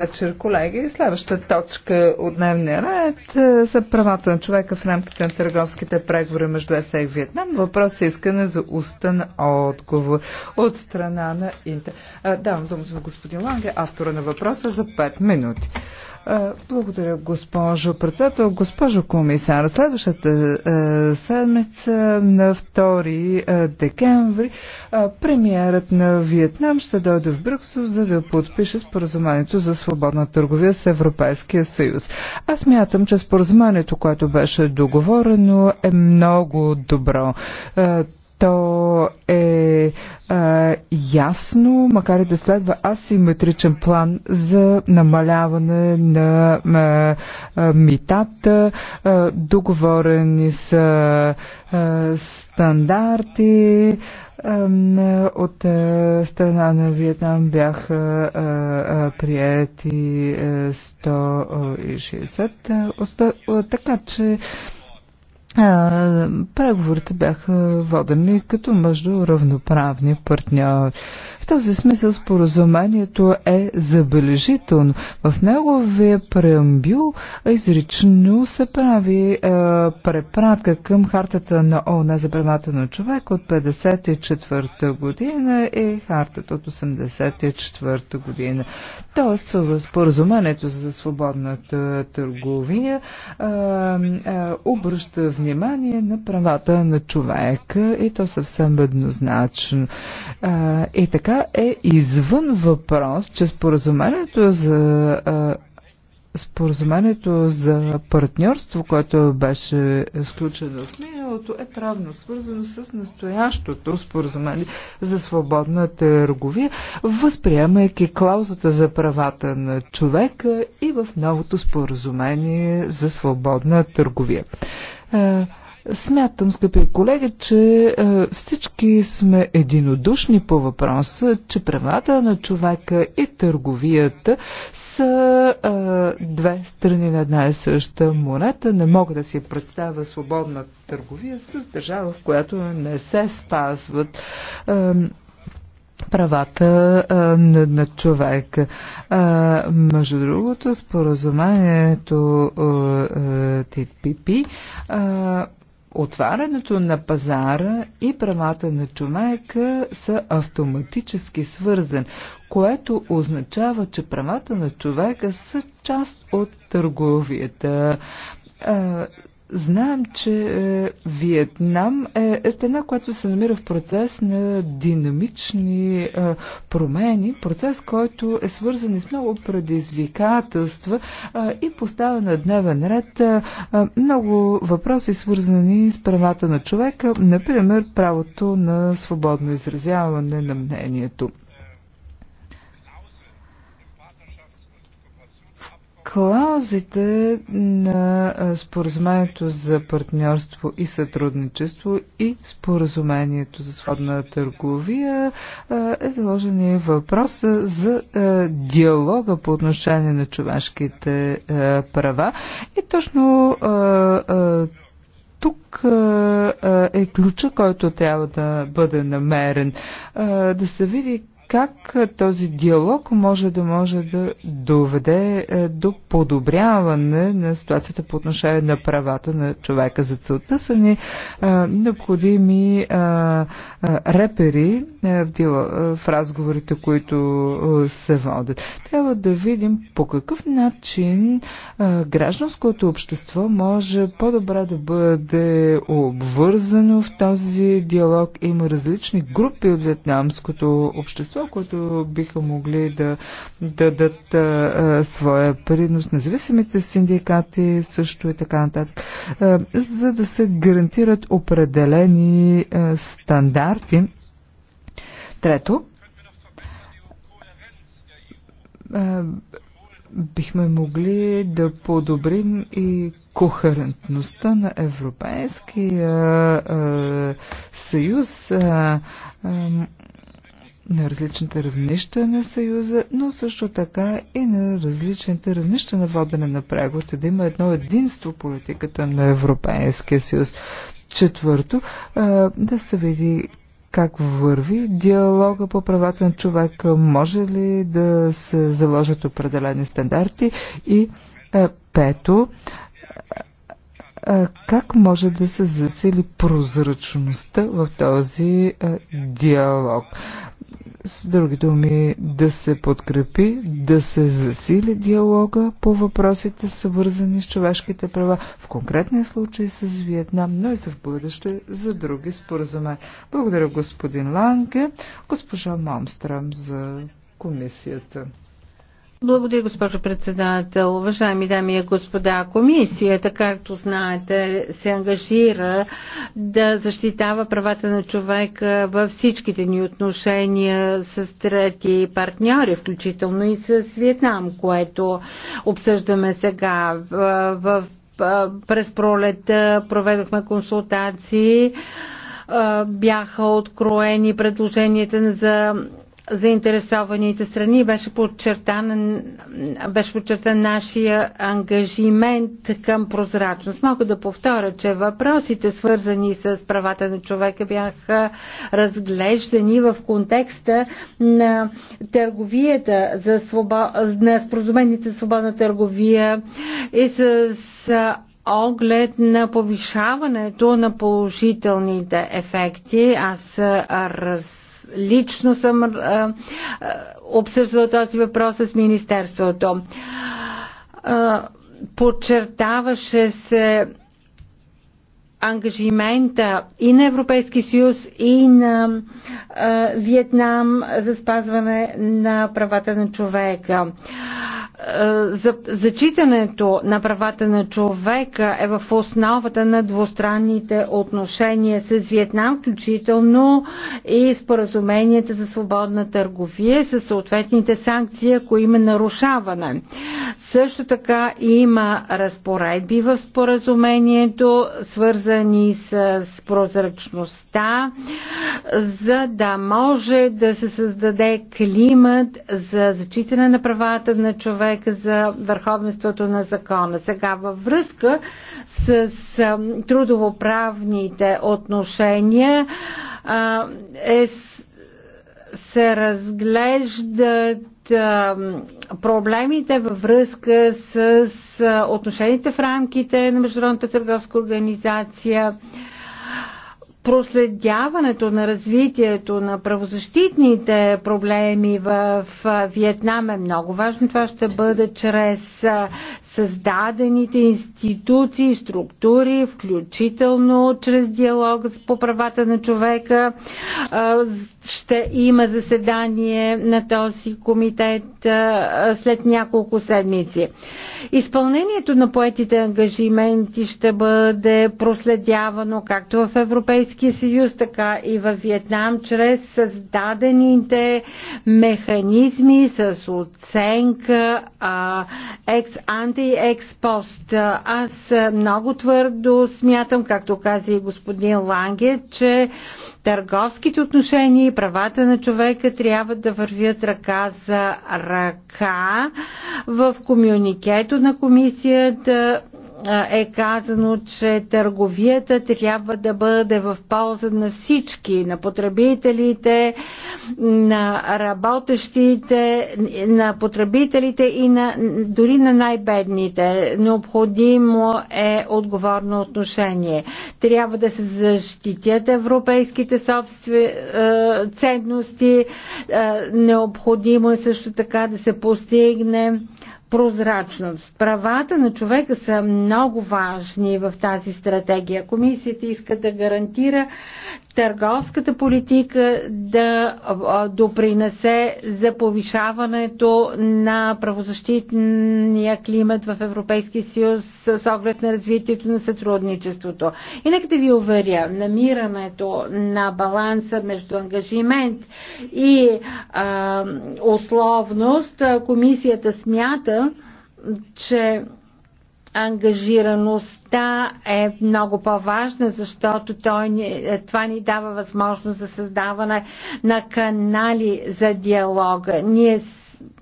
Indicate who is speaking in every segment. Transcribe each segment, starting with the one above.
Speaker 1: вечер, колеги. Следващата точка от дневния ред са е, правата на човека в рамките на търговските преговори между ЕСА и Виетнам. Въпрос е искане за устен отговор от страна на Интер. Е, давам думата на господин Ланге, автора на въпроса за 5 минути. Е, благодаря, госпожо председател. Госпожо комисар, следващата е, седмица на 2 е, декември премиерът на Виетнам ще дойде в Брюксел, за да подпише споразумението за свободна търговия с Европейския съюз. Аз мятам, че споразумението, което беше договорено, е много добро. То е а, ясно, макар и да следва асиметричен план за намаляване на а, а, митата. А, договорени са а, стандарти от страна на Виетнам бяха приети 160. Така че преговорите бяха водени като между равноправни партньори. В този смисъл споразумението е забележително. В неговия преамбюл изрично се прави е, препратка към хартата на ООН за правата на човек от 54-та година и хартата от 84-та година. Тоест в споразумението за свободната търговия е, е, обръща внимание на правата на човека и то съвсем еднозначно. Е, и така е извън въпрос, че споразумението за споразумението за партньорство, което беше сключено в миналото, е правно свързано с настоящото споразумение за свободна търговия, възприемайки клаузата за правата на човека и в новото споразумение за свободна търговия. Смятам, скъпи колеги, че е, всички сме единодушни по въпроса, че правата на човека и търговията са е, две страни на една и съща монета. Не мога да си представя свободна търговия с държава, в която не се спазват. Е, правата а, на, на човека. А, между другото, споразумението ТПП Отварянето на пазара и правата на човека са автоматически свързан, което означава, че правата на човека са част от търговията Знаем, че е, Виетнам е, е страна, която се намира в процес на динамични е, промени, процес, който е свързан и с много предизвикателства и поставя на дневен ред много въпроси, свързани с правата на човека, например правото на свободно изразяване на мнението. Клаузите на споразумението за партньорство и сътрудничество и споразумението за сходна търговия е заложен и въпроса за диалога по отношение на човешките права. И точно тук е ключа, който трябва да бъде намерен. Да се види как е, този диалог може да може да доведе е, до подобряване на ситуацията по отношение на правата на човека. За целта са ни а, е, необходими а, а, репери а, в, дила, а, в разговорите, които а, се водят. Трябва да видим по какъв начин а, гражданското общество може по-добре да бъде обвързано в този диалог. Има различни групи от вьетнамското общество общество, които биха могли да дадат а, своя принос, независимите синдикати също и така нататък, а, за да се гарантират определени а, стандарти. Трето, а, бихме могли да подобрим и кохерентността на Европейския а, съюз. А, а, на различните равнища на Съюза, но също така и на различните равнища на водене на преговорите, да има едно единство политиката на Европейския съюз. Четвърто, да се види как върви диалога по правата на човека, може ли да се заложат определени стандарти и пето, как може да се засили прозрачността в този диалог. С други думи, да се подкрепи, да се засили диалога по въпросите, съвързани с човешките права, в конкретния случай с Виетнам, но и за в бъдеще за други споразумения. Благодаря господин Ланге, госпожа Мамстрам за комисията.
Speaker 2: Благодаря, госпожо председател. Уважаеми дами и господа, комисията, както знаете, се ангажира да защитава правата на човека във всичките ни отношения с трети партньори, включително и с Виетнам, което обсъждаме сега в през пролета проведохме консултации, бяха откроени предложенията за заинтересованите страни. Беше подчертан, беше подчертан нашия ангажимент към прозрачност. Мога да повторя, че въпросите, свързани с правата на човека, бяха разглеждани в контекста на търговията за свобо... на споразумените за свободна търговия и с оглед на повишаването на положителните ефекти. Аз раз лично съм обсъждала този въпрос с Министерството. Подчертаваше се ангажимента и на Европейски съюз, и на а, Виетнам за спазване на правата на човека. А, е, за зачитането на правата на човека е в основата на двустранните отношения с Виетнам, включително и споразуменията за свободна търговия с съответните санкции, ако има нарушаване. Също така има разпоредби в споразумението, свързани с прозрачността, за да може да се създаде климат за зачитане на правата на човека човека за върховенството на закона. Сега във връзка с трудовоправните отношения е се разглеждат проблемите във връзка с отношенията в рамките на Международната търговска организация проследяването на развитието на правозащитните проблеми в Виетнам е много важно. Това ще бъде чрез създадените институции, структури, включително чрез диалог по правата на човека. Ще има заседание на този комитет след няколко седмици. Изпълнението на поетите ангажименти ще бъде проследявано както в Европейския Съветския съюз, така и във Виетнам, чрез създадените механизми с оценка екс анти и екс пост. Аз много твърдо смятам, както каза и господин Ланге, че търговските отношения и правата на човека трябва да вървят ръка за ръка. В комюникето на комисията е казано, че търговията трябва да бъде в полза на всички, на потребителите, на работещите, на потребителите и на, дори на най-бедните. Необходимо е отговорно отношение. Трябва да се защитят европейските собстве, ценности. Необходимо е също така да се постигне прозрачност. Правата на човека са много важни в тази стратегия. Комисията иска да гарантира, търговската политика да допринесе за повишаването на правозащитния климат в Европейския съюз с оглед на развитието на сътрудничеството. И нека да ви уверя, намирането на баланса между ангажимент и а, условност, комисията смята, че ангажираността е много по-важна, защото той, е, това ни дава възможност за създаване на канали за диалога. Ние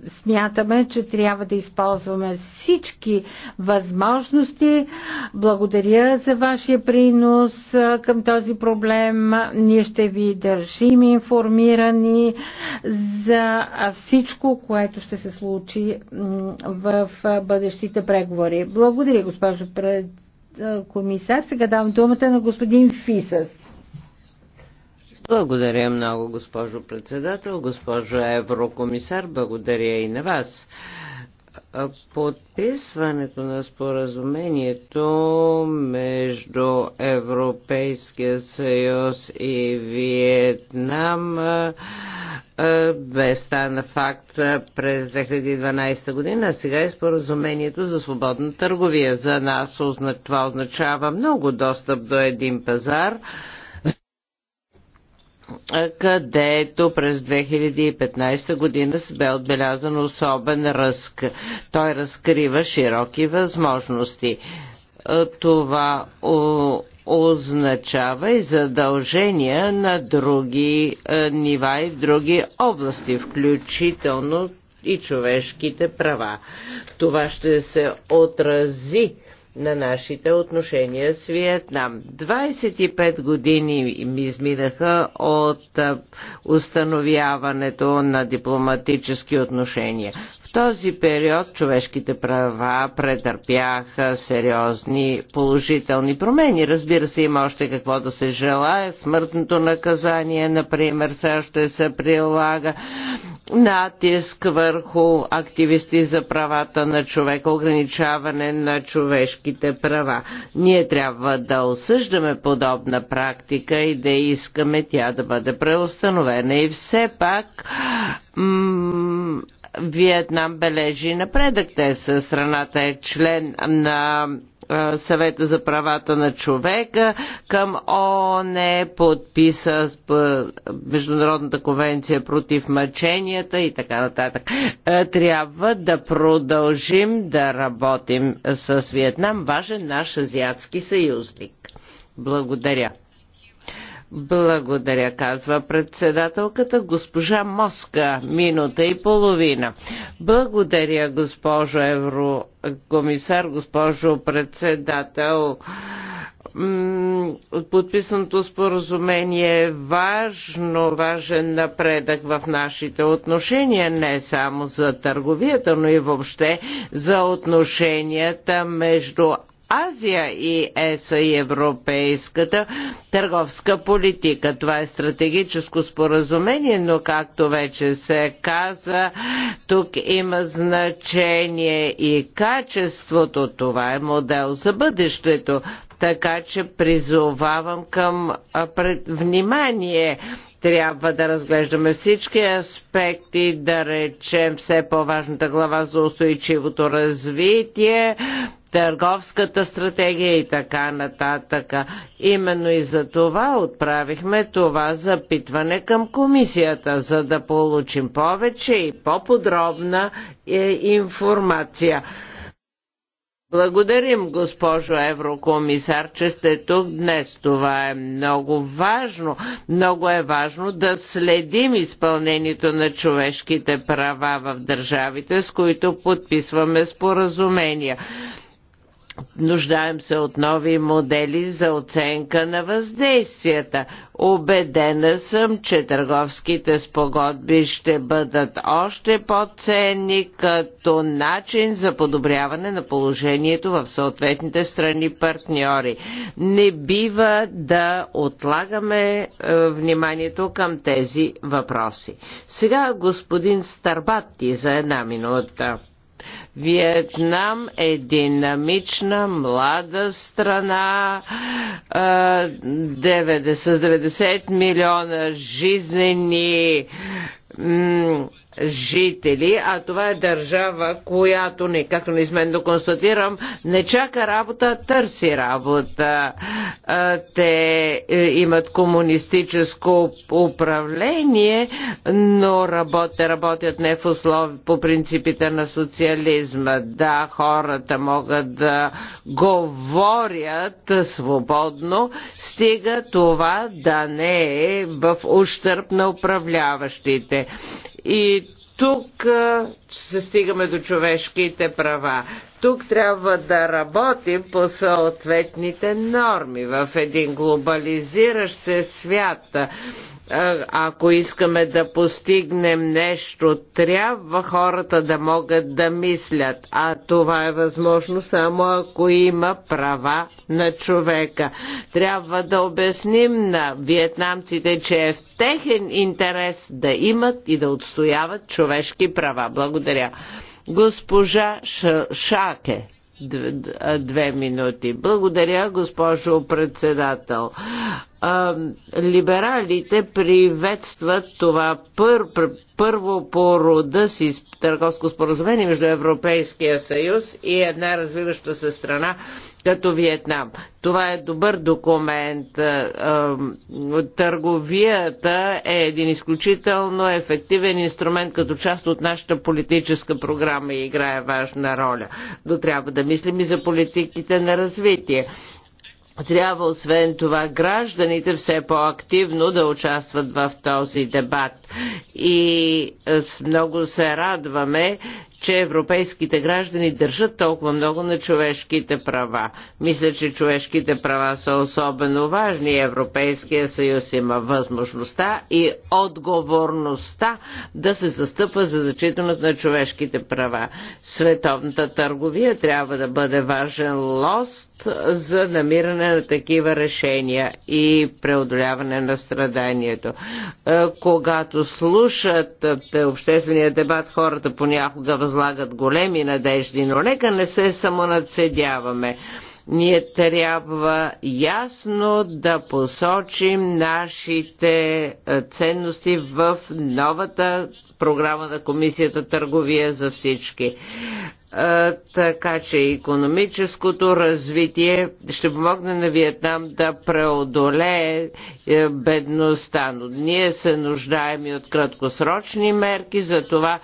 Speaker 2: смятаме, че трябва да използваме всички възможности. Благодаря за вашия принос към този проблем. Ние ще ви държим информирани за всичко, което ще се случи в бъдещите преговори. Благодаря, госпожо пред комисар. Сега давам думата на господин Фисас.
Speaker 3: Благодаря много, госпожо председател, госпожо еврокомисар. Благодаря и на вас. Подписването на споразумението между Европейския съюз и Виетнам е, бе стана факт през 2012 година, а сега е споразумението за свободна търговия. За нас това означава много достъп до един пазар където през 2015 година се бе отбелязан особен ръск. Той разкрива широки възможности. Е, това означава и задължения на други е, нива и в други области, включително и човешките права. Това ще се отрази на нашите отношения с Виетнам. 25 години ми изминаха от установяването на дипломатически отношения. В този период човешките права претърпяха сериозни положителни промени. Разбира се, има още какво да се желая. Смъртното наказание, например, също се прилага натиск върху активисти за правата на човека, ограничаване на човешките права. Ние трябва да осъждаме подобна практика и да искаме тя да бъде преустановена. И все пак Виетнам бележи напредък. Те са страната е член на е, съвета за правата на човека, към ООН подписа с е, Международната конвенция против мъченията и така нататък. Е, трябва да продължим да работим с Виетнам, важен наш азиатски съюзник. Благодаря. Благодаря, казва председателката госпожа Моска, минута и половина. Благодаря, госпожо еврокомисар, госпожо председател подписаното споразумение е важно, важен напредък в нашите отношения, не само за търговията, но и въобще за отношенията между Азия и ЕС и европейската търговска политика. Това е стратегическо споразумение, но както вече се каза, тук има значение и качеството. Това е модел за бъдещето. Така че призовавам към внимание трябва да разглеждаме всички аспекти, да речем все по-важната глава за устойчивото развитие, търговската стратегия и така нататък. Именно и за това отправихме това запитване към комисията, за да получим повече и по-подробна е, информация. Благодарим, госпожо еврокомисар, че сте тук днес. Това е много важно. Много е важно да следим изпълнението на човешките права в държавите, с които подписваме споразумения. Нуждаем се от нови модели за оценка на въздействията. Обедена съм, че търговските спогодби ще бъдат още по-ценни като начин за подобряване на положението в съответните страни партньори. Не бива да отлагаме е, вниманието към тези въпроси. Сега господин Старбатти за една минута. Виетнам е динамична, млада страна с 90 милиона жизнени жители, а това е държава, която, не, както неизменно констатирам, не чака работа, търси работа. Те е, имат комунистическо управление, но работят, работят не в услови, по принципите на социализма. Да, хората могат да говорят свободно, стига това да не е в ущърп на управляващите. И тук се стигаме до човешките права тук трябва да работим по съответните норми в един глобализиращ се свят. Ако искаме да постигнем нещо, трябва хората да могат да мислят, а това е възможно само ако има права на човека. Трябва да обясним на виетнамците, че е в техен интерес да имат и да отстояват човешки права. Благодаря. Госпожа Шаке две минути. Благодаря, госпожо председател либералите приветстват това пър, пър, първо по рода си търговско споразумение между Европейския съюз и една развиваща се страна като Виетнам. Това е добър документ. Търговията е един изключително ефективен инструмент като част от нашата политическа програма и играе важна роля. Но трябва да мислим и за политиките на развитие. Трябва освен това гражданите все по-активно да участват в този дебат. И е, много се радваме, че европейските граждани държат толкова много на човешките права. Мисля, че човешките права са особено важни. Европейския съюз има възможността и отговорността да се застъпва за зачитането на човешките права. Световната търговия трябва да бъде важен лост за намиране на такива решения и преодоляване на страданието. Е, когато слушат е, обществения дебат, хората понякога възможността възлагат големи надежди, но нека не се самонадседяваме. Ние трябва ясно да посочим нашите е, ценности в новата програма на комисията Търговия за всички. Е, така че економическото развитие ще помогне на Виетнам да преодолее е, бедността. Но ние се нуждаем и от краткосрочни мерки, за това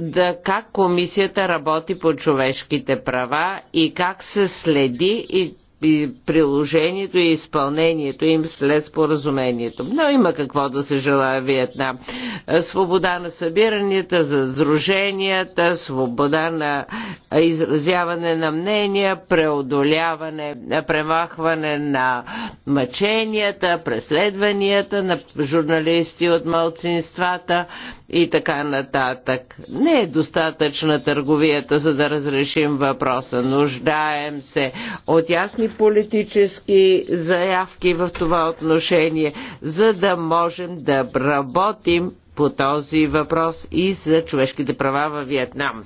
Speaker 3: да как комисията работи по човешките права и как се следи и и приложението и изпълнението им след споразумението. Но има какво да се желая Виетнам. Свобода на събиранията, за сдруженията, свобода на изразяване на мнения, преодоляване, премахване на мъченията, преследванията на журналисти от малцинствата и така нататък. Не е достатъчна търговията, за да разрешим въпроса. Нуждаем се от ясни политически заявки в това отношение, за да можем да работим по този въпрос и за човешките права във Виетнам.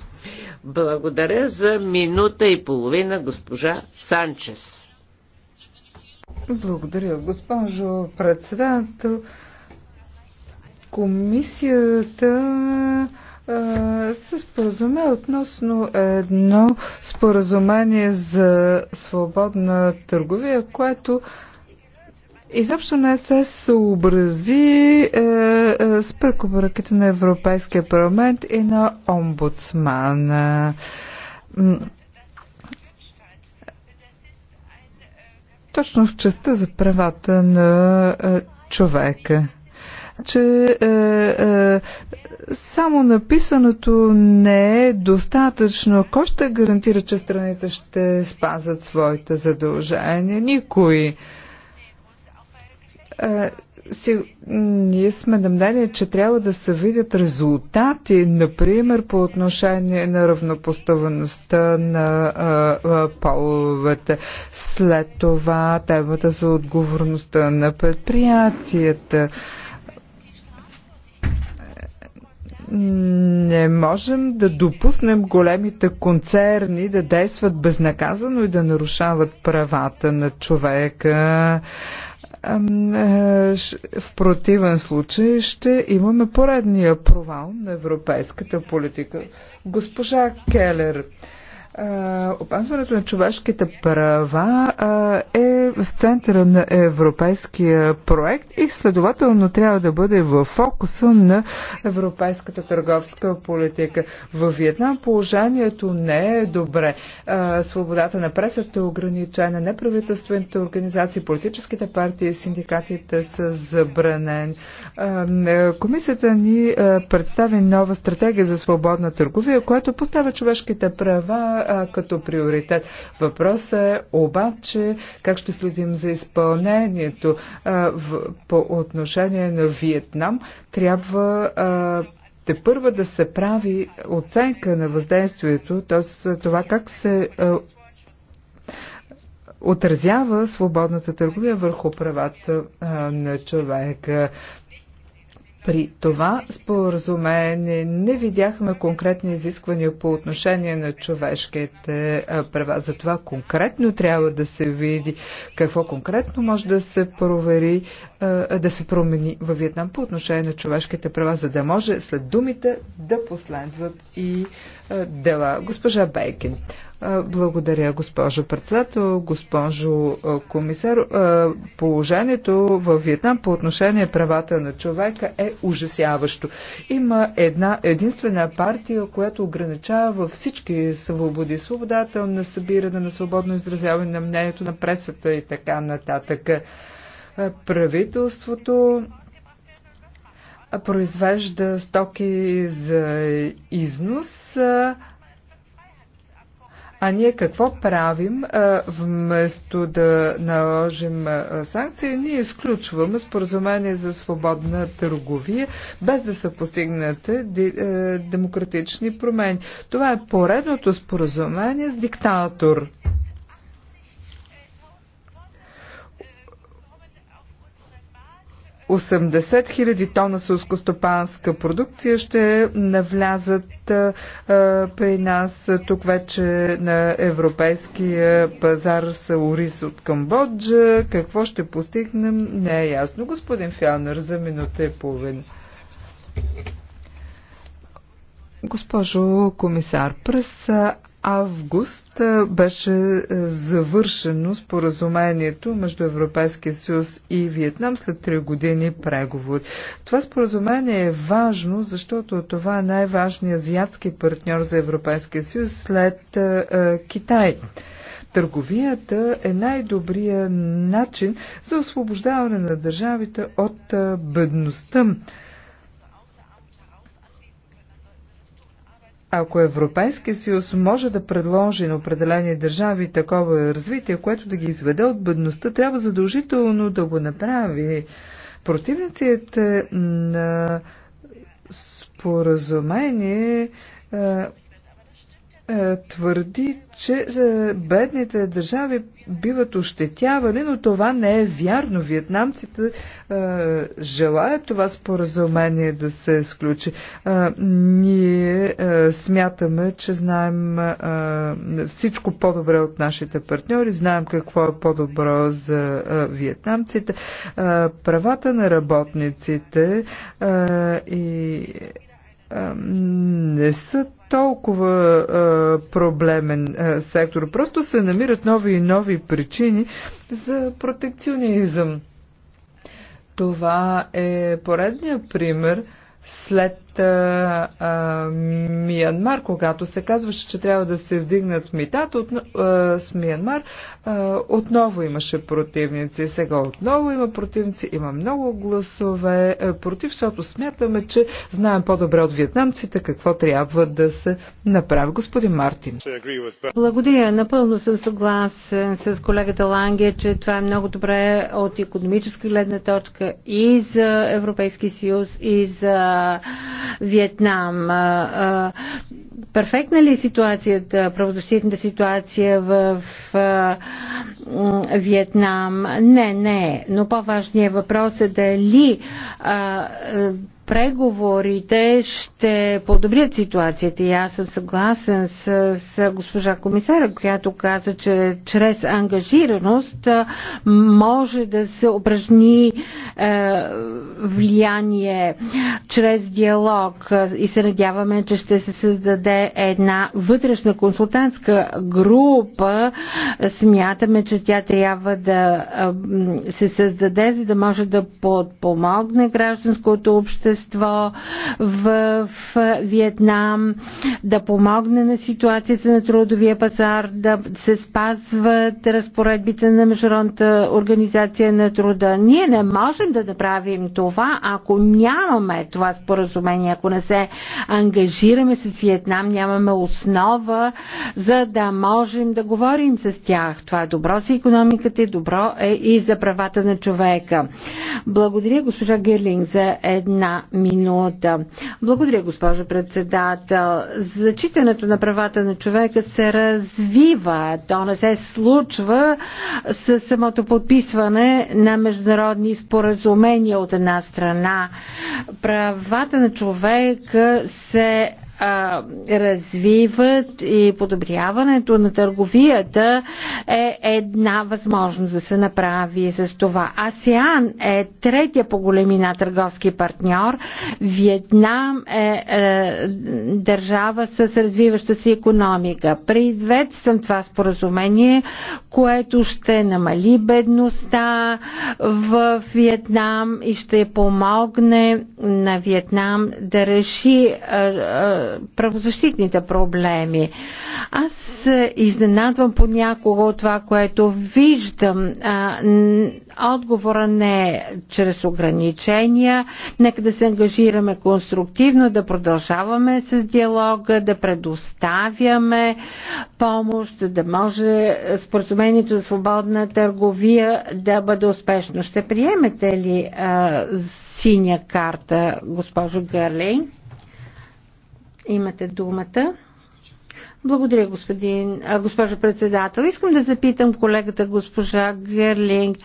Speaker 3: Благодаря за минута и половина госпожа Санчес.
Speaker 1: Благодаря, госпожо председател. Комисията се споразуме относно едно споразумение за свободна търговия, което изобщо не се съобрази е, е, с прекобръките на Европейския парламент и на омбудсмана. Точно в частта за правата на е, човека че е, е, само написаното не е достатъчно. Кой ще гарантира, че страните ще спазат своите задължения? Никой. Е, си, ние сме на мнение, че трябва да се видят резултати, например, по отношение на равнопоставеността на е, е, половете. След това темата за отговорността на предприятията. Е, не можем да допуснем големите концерни да действат безнаказано и да нарушават правата на човека. Е, в противен случай ще имаме поредния провал на европейската политика. Госпожа Келер, Опазването на човешките права е в центъра на европейския проект и следователно трябва да бъде в фокуса на европейската търговска политика. В Виетнам положението не е добре. Свободата на пресата е ограничена, неправителствените организации, политическите партии, синдикатите са забранени. Е, комисията ни е, представи нова стратегия за свободна търговия, която поставя човешките права като приоритет. Въпросът е обаче как ще следим за изпълнението по отношение на Виетнам. Трябва те първа да се прави оценка на въздействието, т.е. това как се отразява свободната търговия върху правата на човека. При това споразумение не видяхме конкретни изисквания по отношение на човешките права. Затова конкретно трябва да се види какво конкретно може да се провери, да се промени във Виетнам по отношение на човешките права, за да може след думите да последват и е, дела. Госпожа Бейкин. Е, благодаря, госпожо председател, госпожо е, комисар. Положението в Виетнам по отношение правата на човека е ужасяващо. Има една единствена партия, която ограничава всички свободи. Свободата на събиране, на свободно изразяване на мнението на пресата и така нататък правителството произвежда стоки за износ. А ние какво правим? Вместо да наложим санкции, ние изключваме споразумение за свободна търговия, без да са постигнати демократични промени. Това е поредното споразумение с диктатор. 80 000 тона сълскостопанска продукция ще навлязат при нас. Тук вече на европейския пазар са ориз от Камбоджа. Какво ще постигнем, не е ясно. Господин Фялнер, за минута и половина. Госпожо комисар, през август беше завършено споразумението между Европейския съюз и Виетнам след три години преговори. Това споразумение е важно, защото това е най-важният азиатски партньор за Европейския съюз след Китай. Търговията е най-добрият начин за освобождаване на държавите от бедността. Ако Европейския съюз може да предложи на определени държави такова развитие, което да ги изведе от бедността, трябва задължително да го направи. Противниците на споразумение е, е, твърди, че е, бедните държави биват ощетявани, но това не е вярно. Виетнамците е, желаят това споразумение да се сключи. Е, ние е, смятаме, че знаем е, всичко по-добре от нашите партньори, знаем какво е по-добро за е, виетнамците. Е, правата на работниците е, и е, не са толкова а, проблемен а, сектор. Просто се намират нови и нови причини за протекционизъм. Това е поредния пример след а, Миянмар, когато се казваше, че трябва да се вдигнат митата от, а, с Миянмар, а, отново имаше противници. Сега отново има противници, има много гласове а, против, защото смятаме, че знаем по-добре от вьетнамците какво трябва да се направи. Господин Мартин.
Speaker 2: Благодаря. Напълно съм съгласен с колегата Ланге, че това е много добре от економическа гледна точка и за Европейски съюз, и за Виетнам. Перфектна ли е ситуацията, правозащитната ситуация в Виетнам? Не, не. Е. Но по-важният въпрос е дали преговорите ще подобрят ситуацията. И аз съм съгласен с, с госпожа комисара, която каза, че чрез ангажираност може да се упражни е, влияние чрез диалог. И се надяваме, че ще се създаде една вътрешна консултантска група. Смятаме, че тя трябва да се създаде, за да може да подпомогне гражданското общество общество в Виетнам, да помогне на ситуацията на трудовия пазар, да се спазват разпоредбите на Международната организация на труда. Ние не можем да направим това, ако нямаме това споразумение, ако не се ангажираме с Виетнам, нямаме основа, за да можем да говорим с тях. Това е добро за економиката и добро е и за правата на човека. Благодаря госпожа Герлинг за една минута. Благодаря, госпожо председател. Зачитането на правата на човека се развива. То не се случва с самото подписване на международни споразумения от една страна. Правата на човека се а, развиват и подобряването на търговията е една възможност да се направи с това. АСЕАН е третия по големина търговски партньор. Виетнам е, е държава с развиваща се економика. Приветствам това споразумение, което ще намали бедността в Виетнам и ще помогне на Виетнам да реши е, е, правозащитните проблеми. Аз изненадвам понякога от това, което виждам. Отговора не е чрез ограничения. Нека да се ангажираме конструктивно, да продължаваме с диалога, да предоставяме помощ, да може споразумението за свободна търговия да бъде успешно. Ще приемете ли синя карта, госпожо Гърлей? Имате думата. Благодаря, господин, а, госпожа председател. Искам да запитам колегата госпожа Герлинг.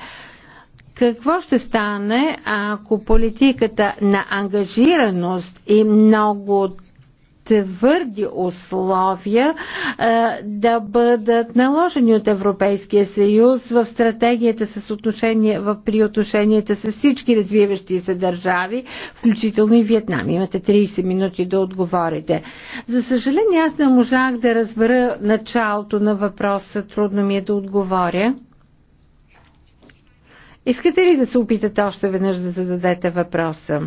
Speaker 2: Какво ще стане, ако политиката на ангажираност и много твърди условия а, е, да бъдат наложени от Европейския съюз в стратегията с отношение, в, при отношенията с всички развиващи се държави, включително и Виетнам. Имате 30 минути да отговорите. За съжаление, аз не можах да разбера началото на въпроса. Трудно ми е да отговоря. Искате ли да се опитате още веднъж да зададете въпроса?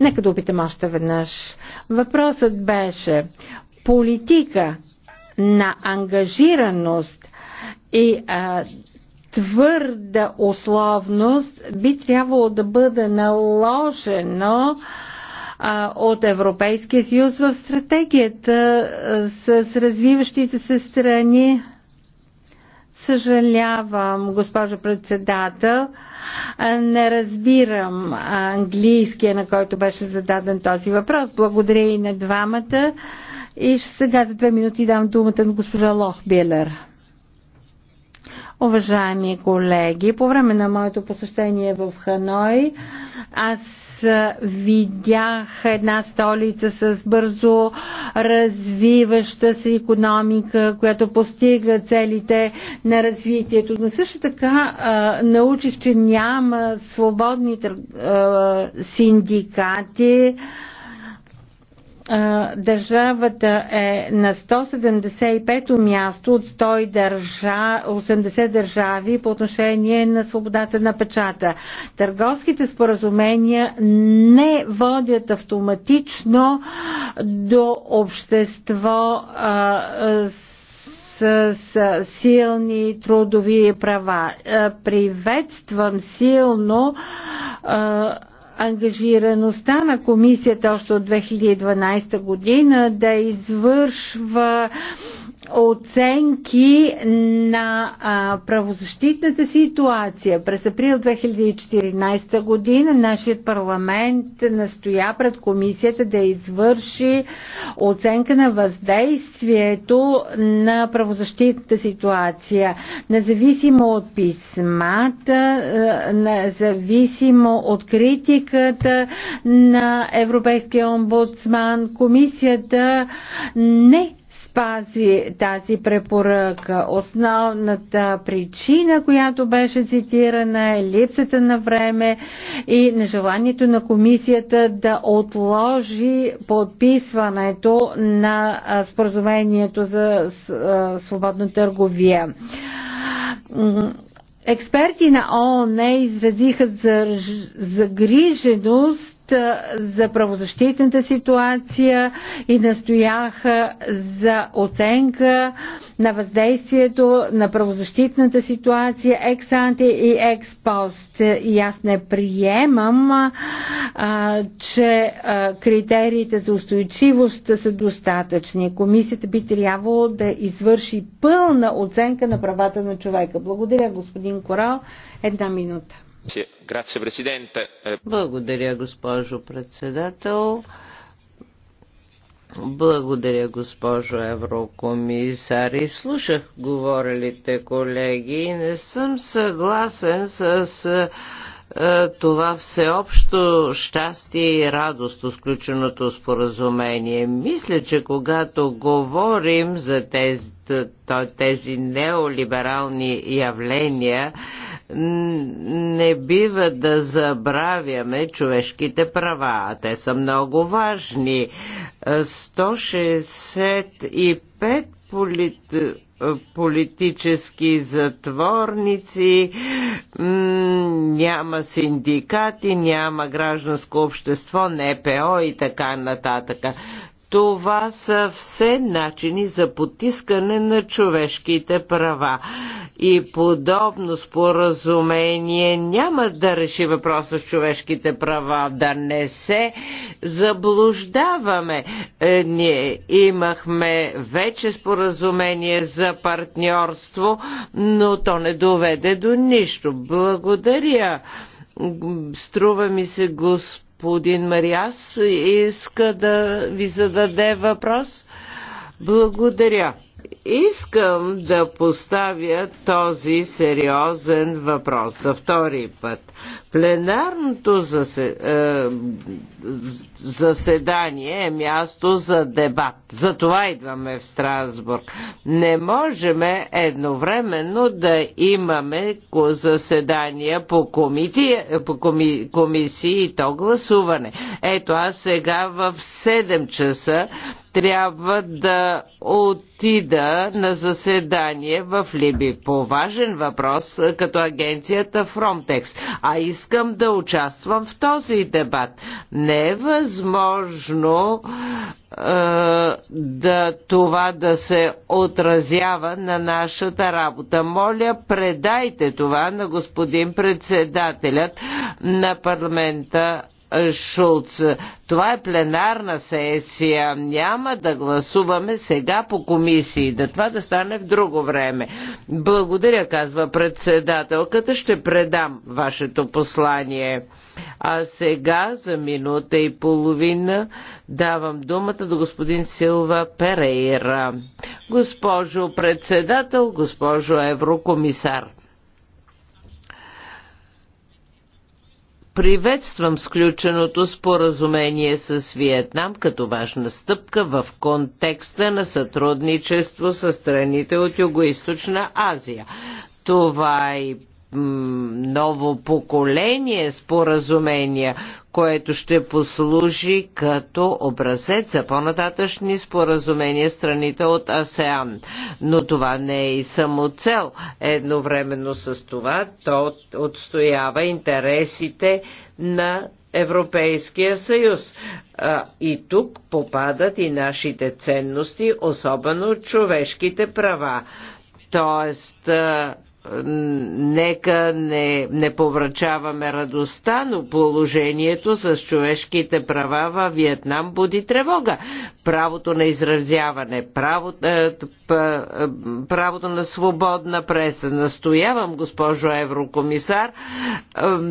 Speaker 2: Нека да опитам още веднъж. Въпросът беше политика на ангажираност и а, твърда условност би трябвало да бъде наложено а, от Европейския съюз в стратегията а, с развиващите се страни Съжалявам, госпожо председател. Не разбирам английския, на който беше зададен този въпрос. Благодаря и на двамата. И сега за две минути дам думата на госпожа Лохбилер. Уважаеми колеги, по време на моето посещение в Ханой, аз видях една столица с бързо развиваща се економика, която постига целите на развитието. Но също така а, научих, че няма свободни а, синдикати държавата е на 175-то място от 180 държави по отношение на свободата на печата. Търговските споразумения не водят автоматично до общество а, с, с силни трудови права. Приветствам силно а, ангажираността на комисията още от 2012 година да извършва оценки на а, правозащитната ситуация. През април 2014 година нашият парламент настоя пред комисията да извърши оценка на въздействието на правозащитната ситуация. Независимо от писмата, независимо от критика, политиката на Европейския омбудсман. Комисията не спази тази препоръка. Основната причина, която беше цитирана е липсата на време и нежеланието на комисията да отложи подписването на споразумението за свободна търговия Експерти на ООН изразиха загриженост за правозащитната ситуация и настояха за оценка на въздействието на правозащитната ситуация ексанте и експост. И аз не приемам, а, че а, критериите за устойчивост са достатъчни. Комисията би трябвало да извърши пълна оценка на правата на човека. Благодаря, господин Корал. Една минута.
Speaker 3: Eh, Благодаря, госпожо председател. Благодаря, госпожо еврокомисар. И слушах говорилите колеги и не съм съгласен с е, това всеобщо щастие и радост от сключеното споразумение. Мисля, че когато говорим за тези, тези неолиберални явления, не бива да забравяме човешките права. Те са много важни. 165 е, полит е, политически затворници, няма синдикати, няма гражданско общество, НПО и така нататък. Това са все начини за потискане на човешките права. И подобно споразумение няма да реши въпроса с човешките права, да не се заблуждаваме. Е, ние имахме вече споразумение за партньорство, но то не доведе до нищо. Благодаря. Струва ми се, господин господин Мариас иска да ви зададе въпрос. Благодаря. Искам да поставя този сериозен въпрос за втори път. Пленарното е, заседание е място за дебат. Затова идваме в Страсбург. Не можем едновременно да имаме заседания по, комити, по коми, комисии и то гласуване. Ето аз сега в 7 часа трябва да отида на заседание в Либи по важен въпрос като агенцията Фронтекс. а искам да участвам в този дебат. Не е възможно е, да това да се отразява на нашата работа. Моля, предайте това на господин председателят на парламента Шулц. Това е пленарна сесия. Няма да гласуваме сега по комисии. Да това да стане в друго време. Благодаря, казва председателката. Ще предам вашето послание. А сега за минута и половина давам думата до господин Силва Перейра. Госпожо председател, госпожо еврокомисар. Приветствам сключеното споразумение с Виетнам като важна стъпка в контекста на сътрудничество с страните от Юго-Источна Азия. Това е ново поколение споразумения, което ще послужи като образец за по-нататъчни споразумения страните от АСЕАН. Но това не е и само цел. Едновременно с това то отстоява интересите на Европейския съюз. А, и тук попадат и нашите ценности, особено човешките права. Тоест, а, нека не, не повръчаваме радостта, но положението с човешките права във Виетнам буди тревога. Правото на изразяване, право, е, е, е, правото на свободна преса. Настоявам, госпожо еврокомисар, е,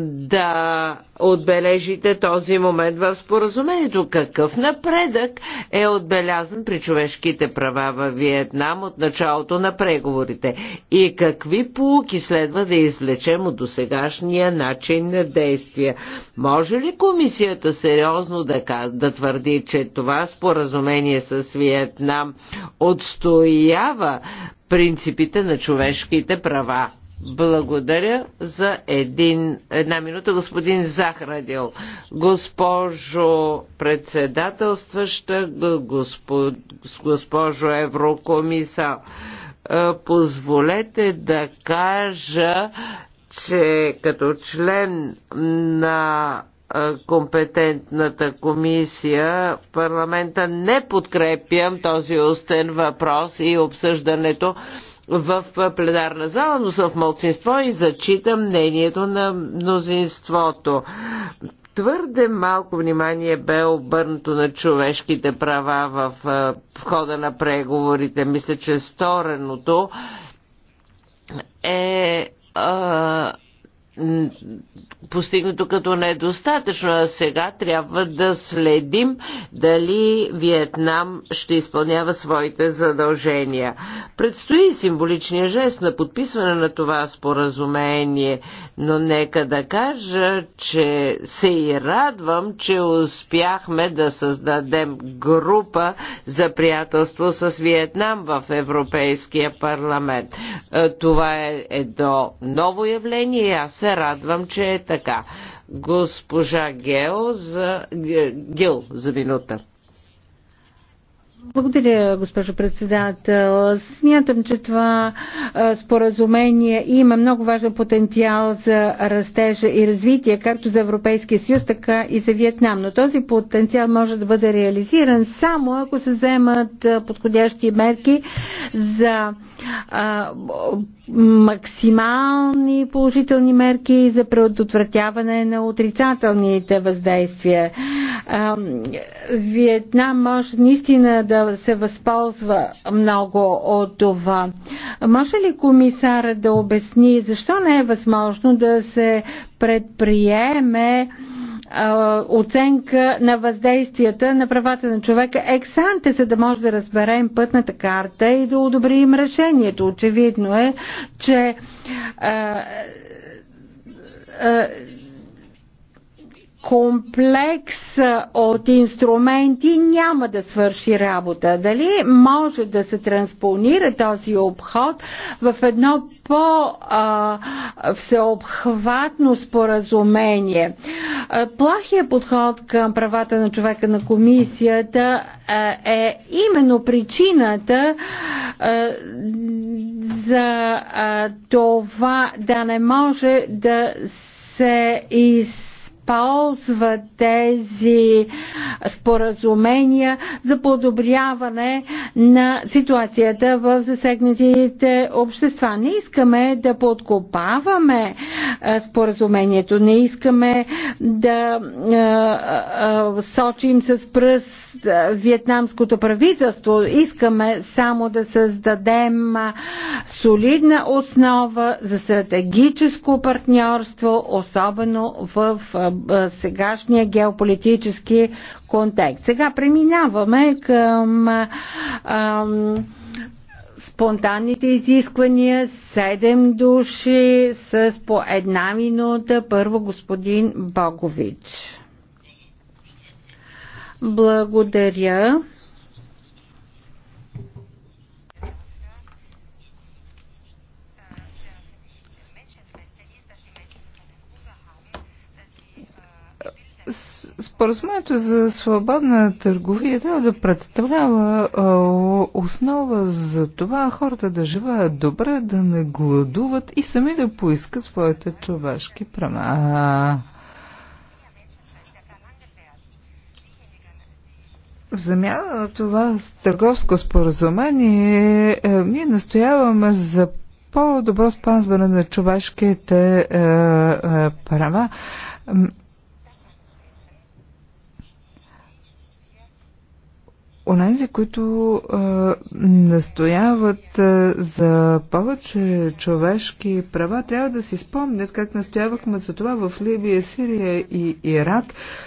Speaker 3: да отбележите този момент в споразумението. Какъв напредък е отбелязан при човешките права в Виетнам от началото на преговорите? И какви полуки следва да извлечем от досегашния начин на действие? Може ли комисията сериозно да, да твърди, че това споразумение с Виетнам отстои отстоява принципите на човешките права. Благодаря за един, една минута, господин Захрадил. Госпожо председателстваща, госпо, госпожо еврокомисар, е, позволете да кажа, че като член на компетентната комисия парламента не подкрепям този устен въпрос и обсъждането в Пледарна зала, но съм в мълцинство и зачитам мнението на мнозинството. Твърде малко внимание бе обърнато на човешките права в, в хода на преговорите. Мисля, че стореното е а, постигнато като недостатъчно, а сега трябва да следим дали Виетнам ще изпълнява своите задължения. Предстои символичния жест на подписване на това споразумение, но нека да кажа, че се и радвам, че успяхме да създадем група за приятелство с Виетнам в Европейския парламент. Е, това е едно ново явление и аз се радвам, че е така. Госпожа Гео за, Гил за минута.
Speaker 2: Благодаря, госпожо председател. Смятам, че това споразумение има много важен потенциал за растежа и развитие, както за Европейския съюз, така и за Виетнам. Но този потенциал може да бъде реализиран само ако се вземат подходящи мерки за максимални положителни мерки за предотвратяване на отрицателните въздействия. Виетнам може наистина да да се възползва много от това. Може ли комисара да обясни защо не е възможно да се предприеме оценка на въздействията на правата на човека ексанте, за да може да разберем пътната карта и да одобрим решението. Очевидно е, че комплекс от инструменти няма да свърши работа. Дали може да се транспонира този обход в едно по-всеобхватно споразумение? Плахия подход към правата на човека на комисията е, е именно причината е, за е, това да не може да се из ползва тези споразумения за подобряване на ситуацията в засегнатите общества. Не искаме да подкопаваме споразумението, не искаме да сочим с пръст вьетнамското правителство. Искаме само да създадем солидна основа за стратегическо партньорство, особено в сегашния геополитически контекст. Сега преминаваме към ам, спонтанните изисквания. Седем души с по една минута. Първо господин Богович. Благодаря.
Speaker 1: Споразумението за свободна търговия трябва да представлява основа за това хората да живеят добре, да не гладуват и сами да поискат своите човешки права. В замяна на това търговско споразумение е, ние настояваме за по-добро спазване на човешките е, е, права. Онези, които а, настояват а, за повече човешки права, трябва да си спомнят как настоявахме за това в Либия, Сирия и Ирак.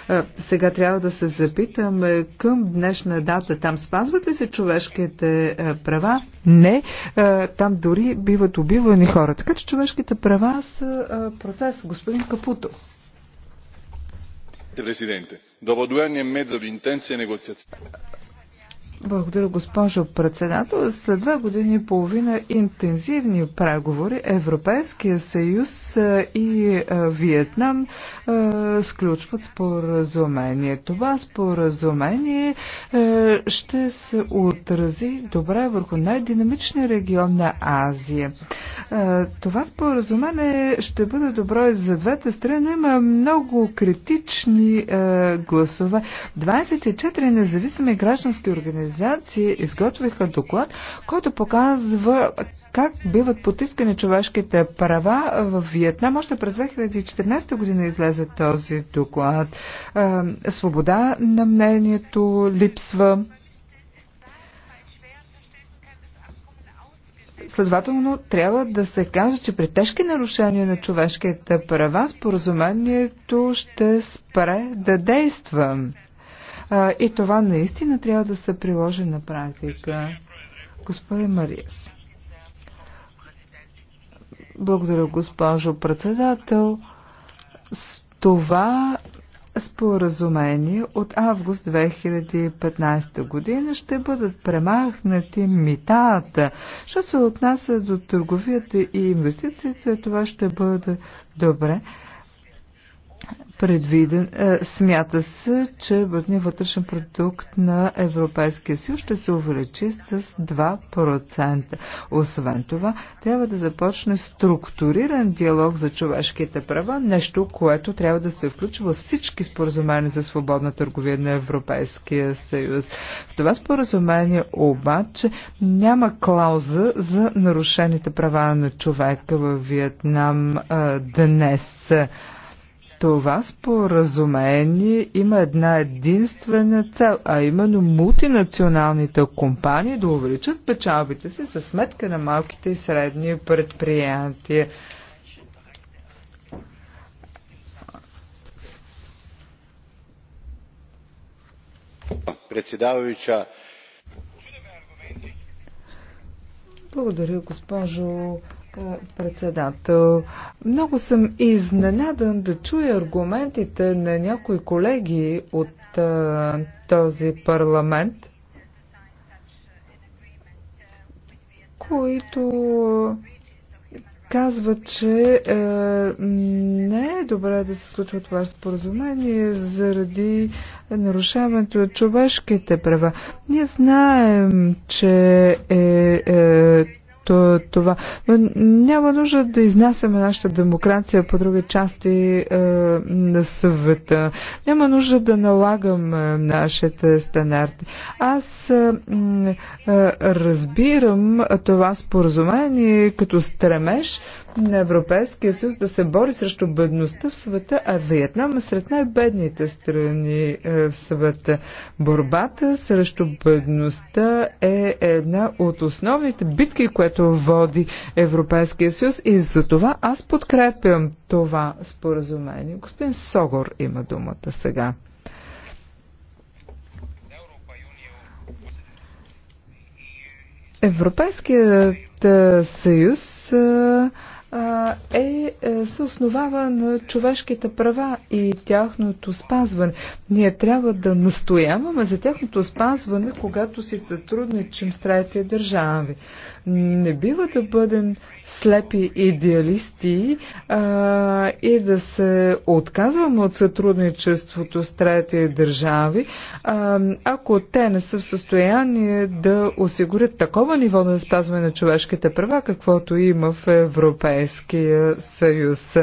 Speaker 1: А, сега трябва да се запитаме към днешна дата. Там спазват ли се човешките а, права? Не. А, там дори биват убивани хора. Така че човешките права са а, процес. Господин Капуто.
Speaker 3: Президенте, dopo due и e
Speaker 1: благодаря, госпожо председател. След две години и половина интензивни преговори Европейския съюз и Виетнам сключват споразумение. Това споразумение ще се отрази добре върху най-динамичния регион на Азия. Това споразумение ще бъде добро и за двете страни, но има много критични гласове. 24 независими граждански организации организации изготвиха доклад, който показва как биват потискани човешките права в Виетнам. Още през 2014 година излезе този доклад. Е, свобода на мнението липсва. Следователно, трябва да се каже, че при тежки нарушения на човешките права споразумението ще спре да действа и това наистина трябва да се приложи на практика. Господин Мариес. Благодаря, госпожо председател. С това споразумение от август 2015 година ще бъдат премахнати митата. Що се отнася до търговията и инвестициите, това ще бъде добре предвиден, е, смята се, че брутният вътрешен продукт на Европейския съюз ще се увеличи с 2%. Освен това, трябва да започне структуриран диалог за човешките права, нещо, което трябва да се включи във всички споразумения за свободна търговия на Европейския съюз. В това споразумение обаче няма клауза за нарушените права на човека във Виетнам е, днес. Това споразумение има една единствена цел, а именно мултинационалните компании да увеличат печалбите си за сметка на малките и средни предприятия.
Speaker 2: Председаваjuća.
Speaker 1: Благодаря, госпожо председател. Много съм изненадан да чуя аргументите на някои колеги от а, този парламент, които казва, че е, не е добре да се случва това споразумение заради нарушаването на човешките права. Ние знаем, че е, е това. Но няма нужда да изнасяме нашата демокрация по други части е, на съвета. Няма нужда да е, нашите стандарти. Аз е, е, разбирам това споразумение като стремеж на Европейския съюз да се бори срещу бедността в света, а Виетнам е сред най-бедните страни е, в света. Борбата срещу бедността е една от основните битки, което води Европейския съюз и за това аз подкрепям това споразумение. Господин Согор има думата сега. Европейският е, съюз а, е, е, е, се основава на човешките права и тяхното спазване. Ние трябва да настояваме за тяхното спазване, когато си сътрудничим с трети държави. Не бива да бъдем слепи идеалисти а, и да се отказваме от сътрудничеството с трети държави, а, ако те не са в състояние да осигурят такова ниво на спазване на човешките права, каквото има в Европейския Европейския съюз.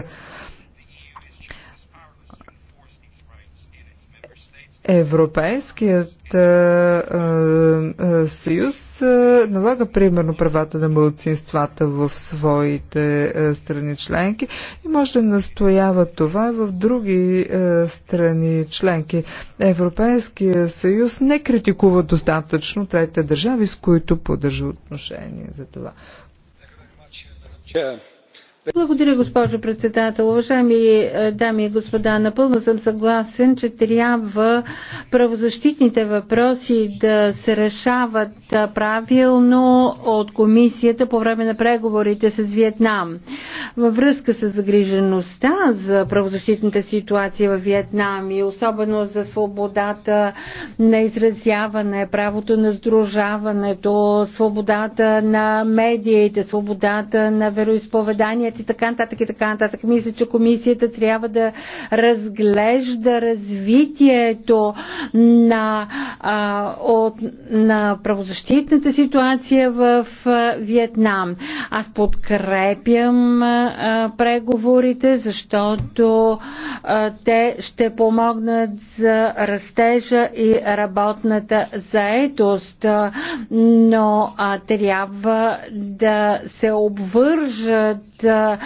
Speaker 1: Европейският а, а, съюз а, налага примерно правата на мълцинствата в своите а, страни членки и може да настоява това в други а, страни членки. Европейския съюз не критикува достатъчно третите държави, с които поддържа отношения за това. Yeah.
Speaker 2: Благодаря, госпожо председател. Уважаеми е, дами и господа, напълно съм съгласен, че трябва правозащитните въпроси да се решават правилно от комисията по време на преговорите с Виетнам. Във връзка с загрижеността за правозащитната ситуация в Виетнам и особено за свободата на изразяване, правото на сдружаването, свободата на медиите, свободата на вероисповеданието, и така нататък и така нататък. Мисля, че комисията трябва да разглежда развитието на, а, от, на правозащитната ситуация в Виетнам. Аз подкрепям а, преговорите, защото а, те ще помогнат за растежа и работната заетост, но а, трябва да се обвържат а,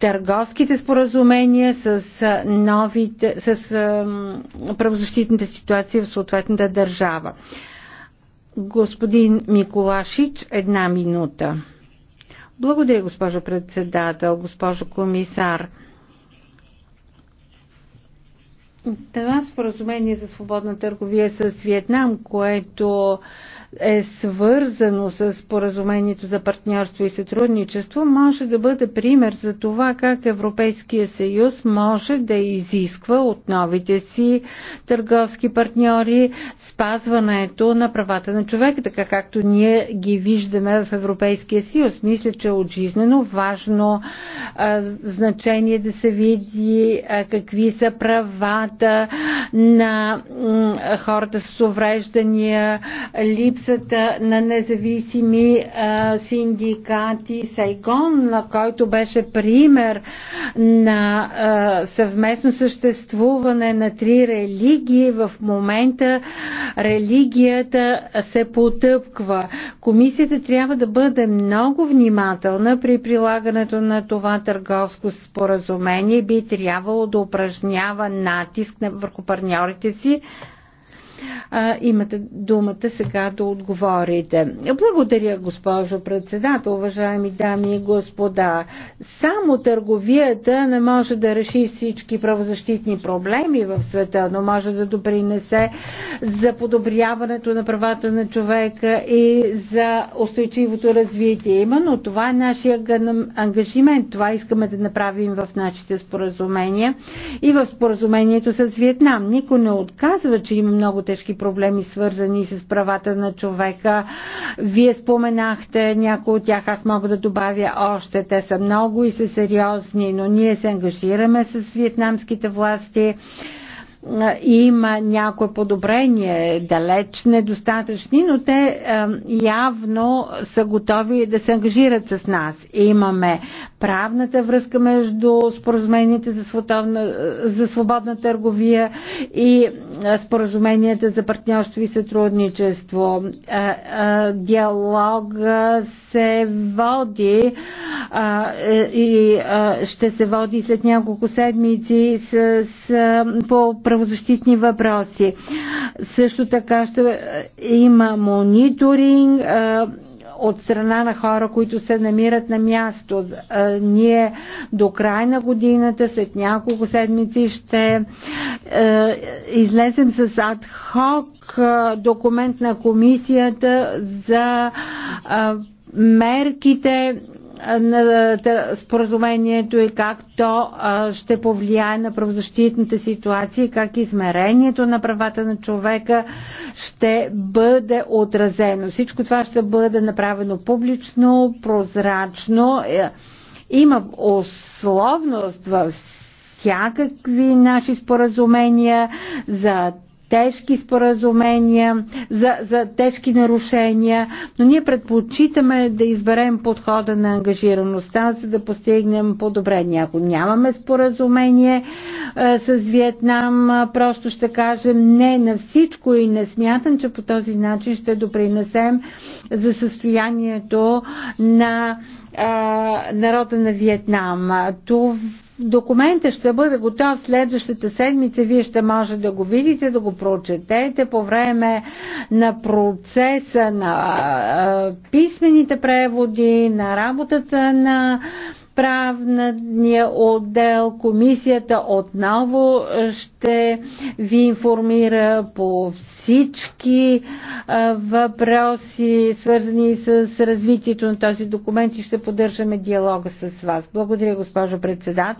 Speaker 2: търговските споразумения с, новите, с правозащитната ситуация в съответната държава. Господин Миколашич, една минута. Благодаря, госпожо председател, госпожо комисар. Това споразумение за свободна търговия с Виетнам, което е свързано с поразумението за партньорство и сътрудничество, може да бъде пример за това как Европейския съюз може да изисква от новите си търговски партньори спазването на правата на човека, така както ние ги виждаме в Европейския съюз. Мисля, че е отжизнено важно а, значение да се види а, какви са правата на хората с увреждания, липс липсата на независими а, синдикати Сайгон, на който беше пример на а, съвместно съществуване на три религии. В момента религията се потъпква. Комисията трябва да бъде много внимателна при прилагането на това търговско споразумение. Би трябвало да упражнява натиск върху партньорите си, а, имате думата сега да отговорите. Благодаря, госпожо председател, уважаеми дами и господа. Само търговията не може да реши всички правозащитни проблеми в света, но може да допринесе за подобряването на правата на човека и за устойчивото развитие. Именно това е нашия ангажимент. Това искаме да направим в нашите споразумения и в споразумението с Виетнам. Никой не отказва, че има много тежки проблеми, свързани с правата на човека. Вие споменахте някои от тях, аз мога да добавя още. Те са много и са сериозни, но ние се ангажираме с вьетнамските власти има някое подобрение, далеч недостатъчни, но те явно са готови да се ангажират с нас. Имаме правната връзка между споразуменията за, световна, за свободна търговия и споразуменията за партньорство и сътрудничество. Диалог се води е, и ще се води след няколко седмици с, с, по правозащитни въпроси. Също така ще има мониторинг от страна на хора, които се намират на място. Ние до край на годината, след няколко седмици, ще излезем с адхок документ на комисията за мерките на споразумението и как то ще повлияе на правозащитната ситуация и как измерението на правата на човека ще бъде отразено. Всичко това ще бъде направено публично, прозрачно. Е, има условност във всякакви наши споразумения за тежки споразумения, за, за тежки нарушения, но ние предпочитаме да изберем подхода на ангажираността, за да постигнем подобрение. Ако нямаме споразумение е, с Виетнам, е, просто ще кажем не на всичко и не смятам, че по този начин ще допринесем за състоянието на е, народа на Виетнам. Това Документа ще бъде готов следващата седмица. Вие ще може да го видите, да го прочетете по време на процеса на писмените преводи, на работата на правния отдел, комисията отново ще ви информира по всички въпроси, свързани с развитието на този документ и ще поддържаме диалога с вас. Благодаря, госпожо председател.